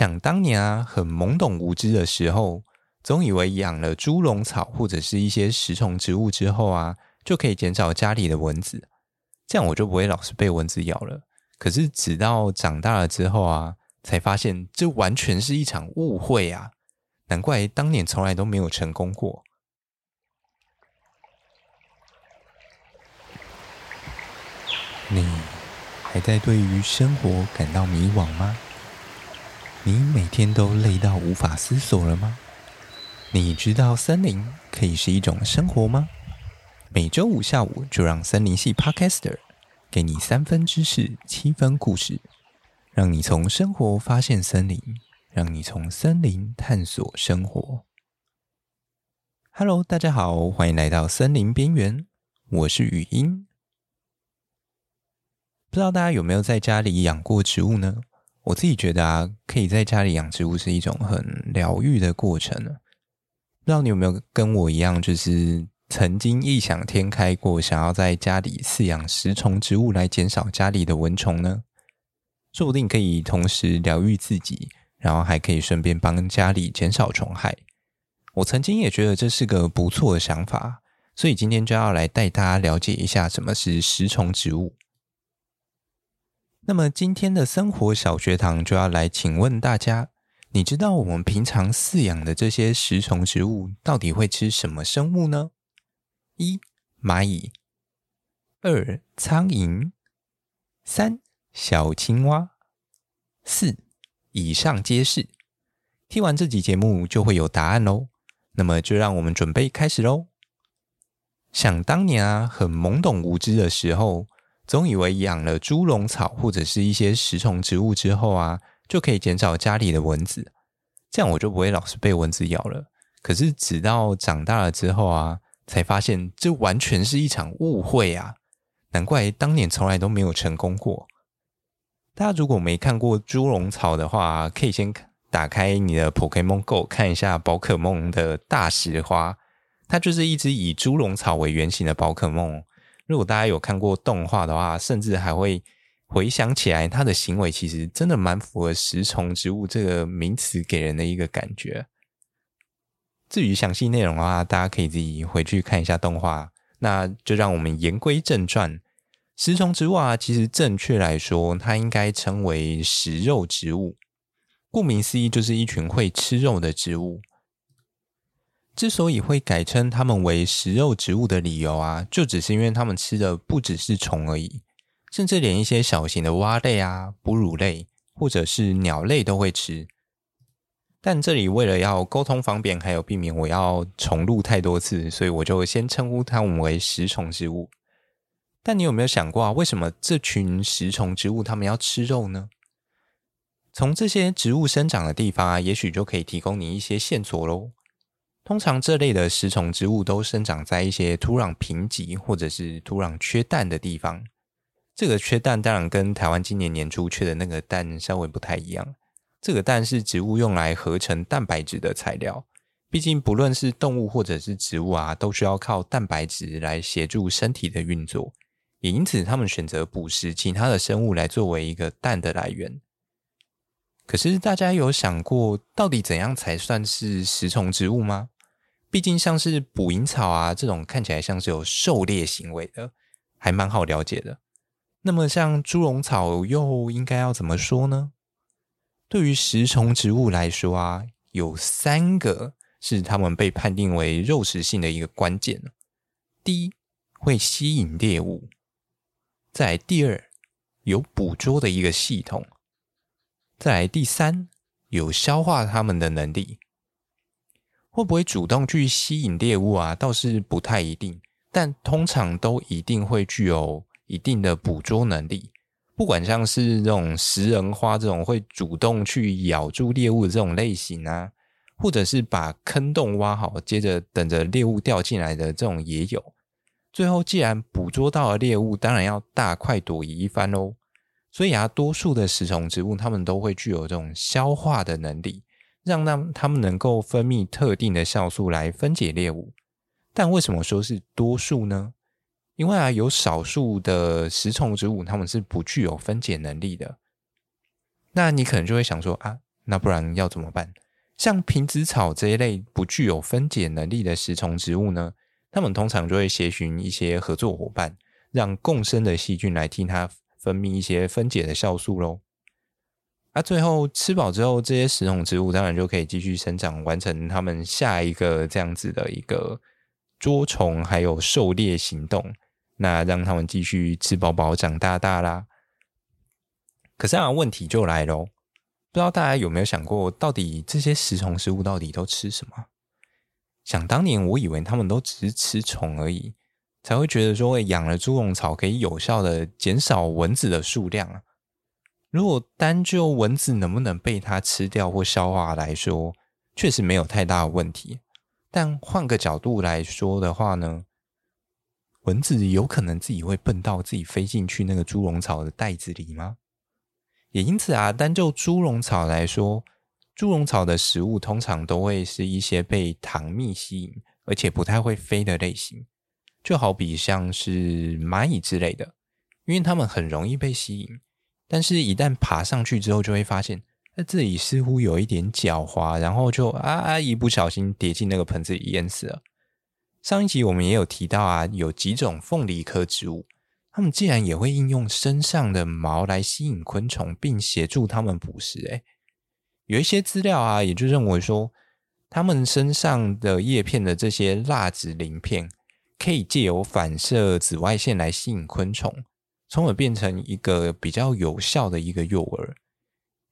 想當年啊，很懵懂無知的時候，總以為養了豬籠草或者是一些食蟲植物之後啊，就可以減少家裡的蚊子，這樣我就不會老是被蚊子咬了。可是直到長大了之後啊，才發現這完全是一場誤會啊！難怪當年從來都沒有成功過。你還在對於生活感到迷惘嗎？你每天都累到無法思索了嗎？你知道森林可以是一種生活嗎？每周五下午就讓森林系 Podcaster 給你三分知識，七分故事，讓你從生活發現森林，讓你從森林探索生活。Hello，大家好，歡迎來到森林邊緣，我是雨音。不知道大家有沒有在家裡養過植物呢？我自己覺得啊，可以在家裡養植物是一種很療癒的過程。不知道你有沒有跟我一樣，就是曾經異想天開過，想要在家裡飼養食蟲植物來減少家裡的蚊蟲呢？說不定可以同時療癒自己，然後還可以順便幫家裡減少蟲害。我曾經也覺得這是個不錯的想法，所以今天就要來帶大家了解一下什麼是食蟲植物。那麼今天的生活小學堂就要來請問大家，你知道我們平常飼養的這些食蟲植物到底會吃什麼生物呢？一螞蟻，二蒼蠅，三小青蛙，四以上皆是。聽完這集節目就會有答案咯。那麼就讓我們準備開始咯。想當年啊，很懵懂無知的時候。總以為養了豬籠草或者是一些食蟲植物之後啊，就可以減少家裡的蚊子，這樣我就不會老是被蚊子咬了。可是直到長大了之後啊，才發現這完全是一場誤會啊！難怪當年從來都沒有成功過。大家如果沒看過豬籠草的話，可以先打開你的《Pokémon Go》看一下寶可夢的大食花，它就是一只以豬籠草為原型的寶可夢。如果大家有看過動畫的話，甚至還會回想起來，它的行為其實真的蠻符合“食蟲植物”這個名詞給人的一個感覺。至於詳細內容的話，大家可以自己回去看一下動畫。那就讓我們言歸正傳，食蟲植物啊，其實正確來說，它應該稱為食肉植物。顧名思義，就是一群會吃肉的植物。之所以會改稱它們為食肉植物的理由啊，就只是因為它們吃的不只是蟲而已，甚至連一些小型的蛙類啊、哺乳類或者是鳥類都會吃。但這裡為了要溝通方便，還有避免我要重錄太多次，所以我就先稱呼它們為食蟲植物。但你有沒有想過啊，為什麼這群食蟲植物它們要吃肉呢？從這些植物生長的地方啊，也許就可以提供你一些線索嘍。通常這類的食蟲植物都生長在一些土壤貧瘠或者是土壤缺氮的地方。這個缺氮當然跟台灣今年年初缺的那個蛋稍微不太一樣。這個氮是植物用來合成蛋白質的材料，畢竟不論是動物或者是植物啊，都需要靠蛋白質來協助身體的運作。也因此，他們選擇捕食其他的生物來作為一個氮的來源。可是大家有想過，到底怎樣才算是食蟲植物嗎？畢竟，像是捕蠅草啊這種看起來像是有狩獵行為的，還蠻好了解的。那麼，像豬籠草又應該要怎麼說呢？對於食蟲植物來說啊，有三個是它們被判定為肉食性的一個關鍵：第一，會吸引獵物；再來第二，有捕捉的一個系統；再來第三，有消化它們的能力。會不會主動去吸引獵物啊？倒是不太一定，但通常都一定會具有一定的捕捉能力。不管像是這種食人花這種會主動去咬住獵物的這種類型啊，或者是把坑洞挖好，接着等着獵物掉進來的這種也有。最後，既然捕捉到了獵物，當然要大快朵頤一番嘍。所以，啊，多數的食蟲植物它們都會具有這種消化的能力。讓它們能夠分泌特定的酵素來分解獵物。但為什麼說是多數呢？因為啊，有少數的食蟲植物它們是不具有分解能力的。那你可能就會想說啊，那不然要怎麼辦？像瓶子草這一類不具有分解能力的食蟲植物呢，他們通常就會協尋一些合作夥伴，讓共生的細菌來替它分泌一些分解的酵素嘍。那、啊、最後吃飽之後，這些食蟲植物當然就可以繼續生長，完成他們下一個這樣子的一個捉蟲還有狩獵行動。那讓他們繼續吃飽飽、長大大啦。可是啊，問題就來嘍，喔，不知道大家有沒有想過，到底這些食蟲植物到底都吃什麼？想當年，我以為他們都只是吃蟲而已，才會覺得說，養了豬籠草可以有效的減少蚊子的數量啊。如果單就蚊子能不能被它吃掉或消化來說，確實沒有太大的問題。但換個角度來說的話呢，蚊子有可能自己會蹦到自己飛進去那個豬籠草的袋子裡嗎？也因此啊，單就豬籠草來說，豬籠草的食物通常都會是一些被糖蜜吸引，而且不太會飛的類型，就好比像是螞蟻之類的，因為它們很容易被吸引。但是，一旦爬上去之後，就會發現他自己似乎有一點腳滑，然後就啊啊一不小心跌進那個盆子裡淹死了。上一集我們也有提到啊，有幾種鳳梨科植物，它們竟然也會應用身上的毛來吸引昆蟲，並協助它們捕食、欸。誒有一些資料啊，也就認為說，它們身上的葉片的這些蠟質鱗片，可以借由反射紫外線來吸引昆蟲。從而變成一個比較有效的一個誘餌，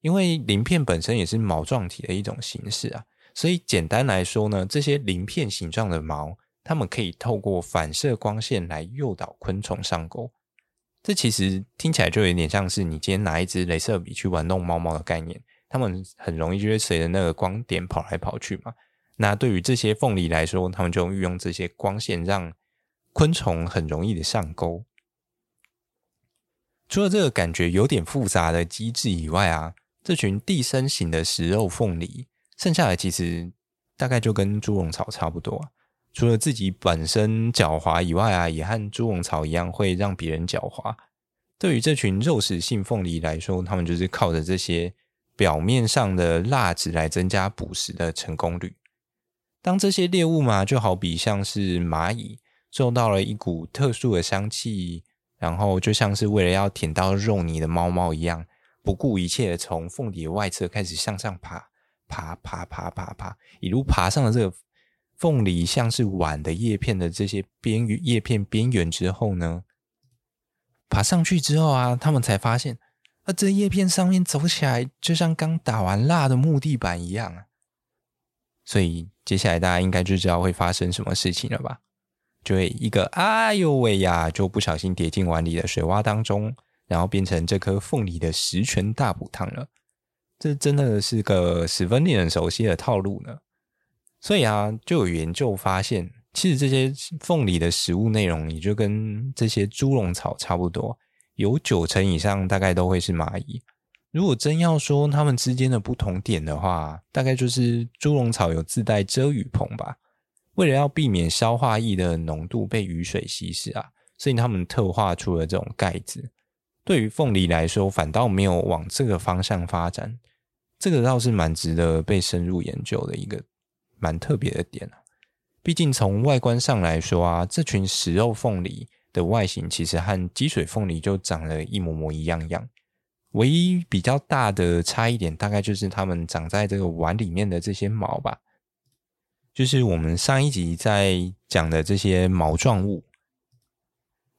因為鱗片本身也是毛狀體的一種形式啊，所以簡單來說呢，這些鱗片形狀的毛，它們可以透過反射光線來誘導昆蟲上鈎。這其實聽起來就有點像是你今天拿一支雷射筆去玩弄貓貓的概念，它們很容易就會隨着那個光點跑來跑去嘛。那對於這些鳳梨來說，它們就運用這些光線讓昆蟲很容易的上鈎。除了這個感覺有點複雜的機制以外啊，這群地生型的食肉鳳梨，剩下的其實大概就跟豬籠草差不多啊。除了自己本身狡猾以外啊，也和豬籠草一樣會讓別人狡猾。對於這群肉食性鳳梨來說，他們就是靠着這些表面上的蠟質來增加捕食的成功率。當這些獵物嘛，就好比像是螞蟻，受到了一股特殊的香氣。然後就像是為了要舔到肉泥的貓貓一樣，不顧一切的從鳳梨的外側開始向上爬，爬爬爬爬爬，爬，一路爬上了這個鳳梨像是碗的葉片的這些邊緣葉片邊緣之後呢，爬上去之後啊，他們才發現，啊，這葉片上面走起來就像剛打完蠟的木地板一樣啊，所以接下來大家應該就知道會發生什麼事情了吧。就會一個哎呦喂呀，就不小心跌進碗裡的水窪當中，然後變成這顆鳳梨的十全大補湯了。這真的是個十分令人熟悉的套路呢。所以啊，就有研究發現，其實這些鳳梨的食物內容也就跟這些豬籠草差不多，有九成以上大概都會是螞蟻。如果真要說它們之間的不同點的話，大概就是豬籠草有自帶遮雨棚吧。為了要避免消化液的濃度被雨水稀釋啊，所以他們特化出了這種蓋子。對於鳳梨來說，反倒沒有往這個方向發展。這個倒是蠻值得被深入研究的一個蠻特別的點啊。畢竟從外觀上來說啊，這群食肉鳳梨的外形其實和積水鳳梨就長得一模模一樣樣，唯一比較大的差異點，大概就是它們長在這個碗裡面的這些毛吧。就是我們上一集在講的這些毛狀物，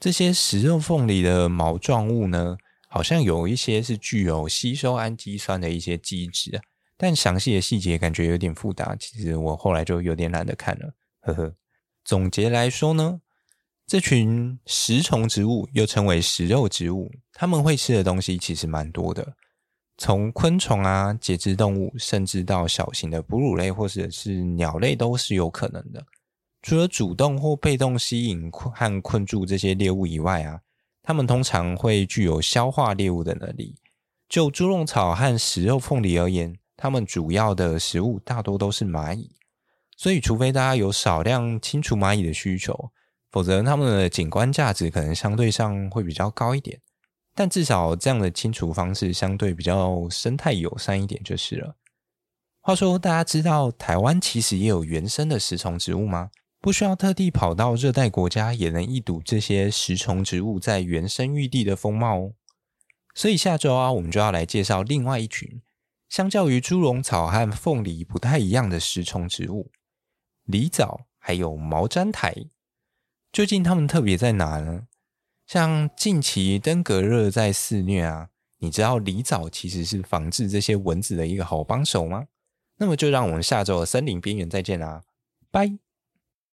這些食肉鳳梨的毛狀物呢，好像有一些是具有吸收氨基酸的一些機制，但詳細的細節感覺有點複雜，其實我後來就有點懶得看了，呵呵。總結來說呢，這群食蟲植物又稱為食肉植物，他們會吃的東西其實蠻多的。從昆蟲啊、節肢動物，甚至到小型的哺乳類或者是鳥類，都是有可能的。除了主動或被動吸引困和困住這些獵物以外啊，它們通常會具有消化獵物的能力。就豬籠草和食肉鳳梨而言，它們主要的食物大多都是螞蟻，所以除非大家有少量清除螞蟻的需求，否則它們的景觀價值可能相對上會比較高一點。但至少這樣的清除方式相對比較生態友善一點就是了。話說，大家知道台灣其實也有原生的食蟲植物嗎？不需要特地跑到熱帶國家，也能一睹這些食蟲植物在原生育地的風貌哦。所以下周啊，我們就要來介紹另外一群相較於豬籠草和鳳梨不太一樣的食蟲植物——狸藻，還有毛氈苔。究竟它們特別在哪呢？像近期登革熱在肆虐啊，你知道狸藻其實是防治這些蚊子的一個好幫手嗎？那麼就讓我們下周的森林邊緣再見啦，拜。